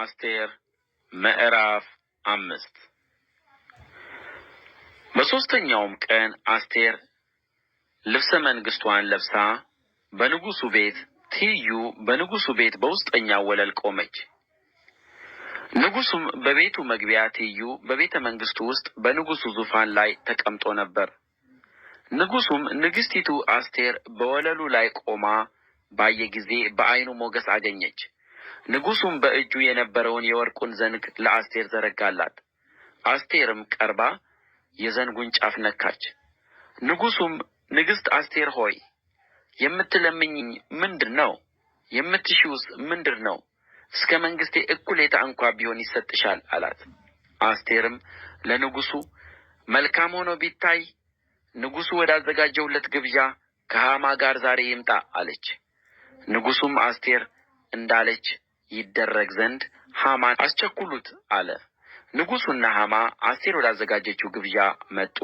አስቴር ምዕራፍ አምስት በሦስተኛውም ቀን አስቴር ልብሰ መንግሥቷን ለብሳ በንጉሡ ቤት ትይዩ በንጉሡ ቤት በውስጠኛው ወለል ቆመች። ንጉሡም በቤቱ መግቢያ ትይዩ በቤተ መንግሥቱ ውስጥ በንጉሡ ዙፋን ላይ ተቀምጦ ነበር። ንጉሡም ንግሥቲቱ አስቴር በወለሉ ላይ ቆማ ባየ ጊዜ በዐይኑ ሞገስ አገኘች። ንጉሡም በእጁ የነበረውን የወርቁን ዘንግ ለአስቴር ዘረጋላት። አስቴርም ቀርባ የዘንጉን ጫፍ ነካች። ንጉሡም ንግሥት አስቴር ሆይ የምትለምኝኝ ምንድን ነው? የምትሺውስ ምንድን ነው? እስከ መንግሥቴ እኩሌታ እንኳ ቢሆን ይሰጥሻል አላት። አስቴርም ለንጉሡ መልካም ሆኖ ቢታይ ንጉሡ ወዳዘጋጀውለት ግብዣ ከሃማ ጋር ዛሬ ይምጣ አለች። ንጉሡም አስቴር እንዳለች ይደረግ ዘንድ ሐማን አስቸኩሉት አለ። ንጉሡና ሐማ አስቴር ወዳዘጋጀችው ግብዣ መጡ።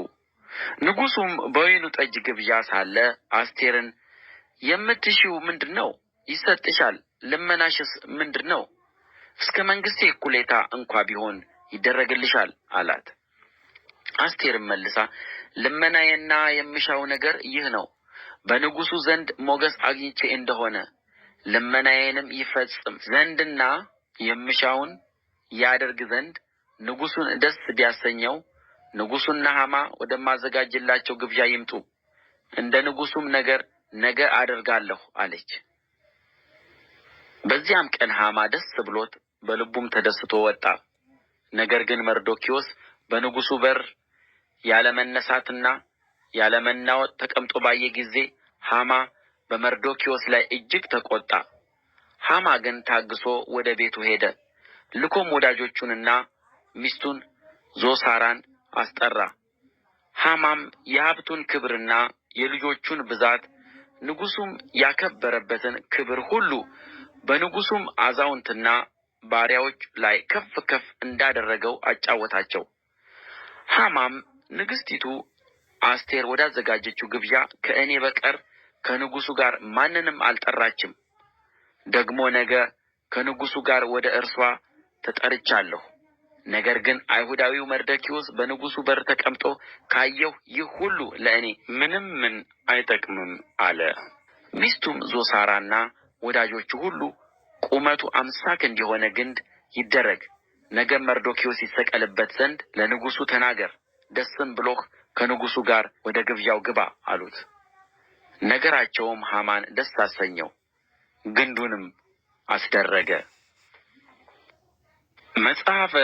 ንጉሡም በወይኑ ጠጅ ግብዣ ሳለ አስቴርን የምትሺው ምንድን ነው? ይሰጥሻል። ልመናሽስ ምንድን ነው? እስከ መንግሥቴ እኩሌታ እንኳ ቢሆን ይደረግልሻል አላት። አስቴርም መልሳ ልመናዬና የምሻው ነገር ይህ ነው፣ በንጉሡ ዘንድ ሞገስ አግኝቼ እንደሆነ ልመናዬንም ይፈጽም ዘንድና የምሻውን ያደርግ ዘንድ ንጉሡን ደስ ቢያሰኘው ንጉሡና ሐማ ወደማዘጋጅላቸው ግብዣ ይምጡ፣ እንደ ንጉሱም ነገር ነገ አደርጋለሁ አለች። በዚያም ቀን ሐማ ደስ ብሎት በልቡም ተደስቶ ወጣ። ነገር ግን መርዶኪዎስ በንጉሱ በር ያለ መነሳትና ያለ መናወጥ ተቀምጦ ባየ ጊዜ ሐማ በመርዶኪዎስ ላይ እጅግ ተቆጣ። ሐማ ግን ታግሶ ወደ ቤቱ ሄደ። ልኮም ወዳጆቹንና ሚስቱን ዞሳራን አስጠራ። ሐማም የሀብቱን ክብርና የልጆቹን ብዛት ንጉሡም ያከበረበትን ክብር ሁሉ በንጉሡም አዛውንትና ባሪያዎች ላይ ከፍ ከፍ እንዳደረገው አጫወታቸው። ሐማም ንግሥቲቱ አስቴር ወዳዘጋጀችው ግብዣ ከእኔ በቀር ከንጉሱ ጋር ማንንም አልጠራችም። ደግሞ ነገ ከንጉሱ ጋር ወደ እርሷ ተጠርቻለሁ። ነገር ግን አይሁዳዊው መርደኪዎስ በንጉሱ በር ተቀምጦ ካየሁ ይህ ሁሉ ለእኔ ምንም ምን አይጠቅምም አለ። ሚስቱም ዞሳራና ወዳጆቹ ሁሉ ቁመቱ አምሳ ክንድ የሆነ ግንድ ይደረግ፣ ነገም መርዶኪዎስ ይሰቀልበት ዘንድ ለንጉሱ ተናገር፣ ደስም ብሎህ ከንጉሱ ጋር ወደ ግብዣው ግባ አሉት። ነገራቸውም ሐማን ደስ አሰኘው፣ ግንዱንም አስደረገ። መጽሐፈ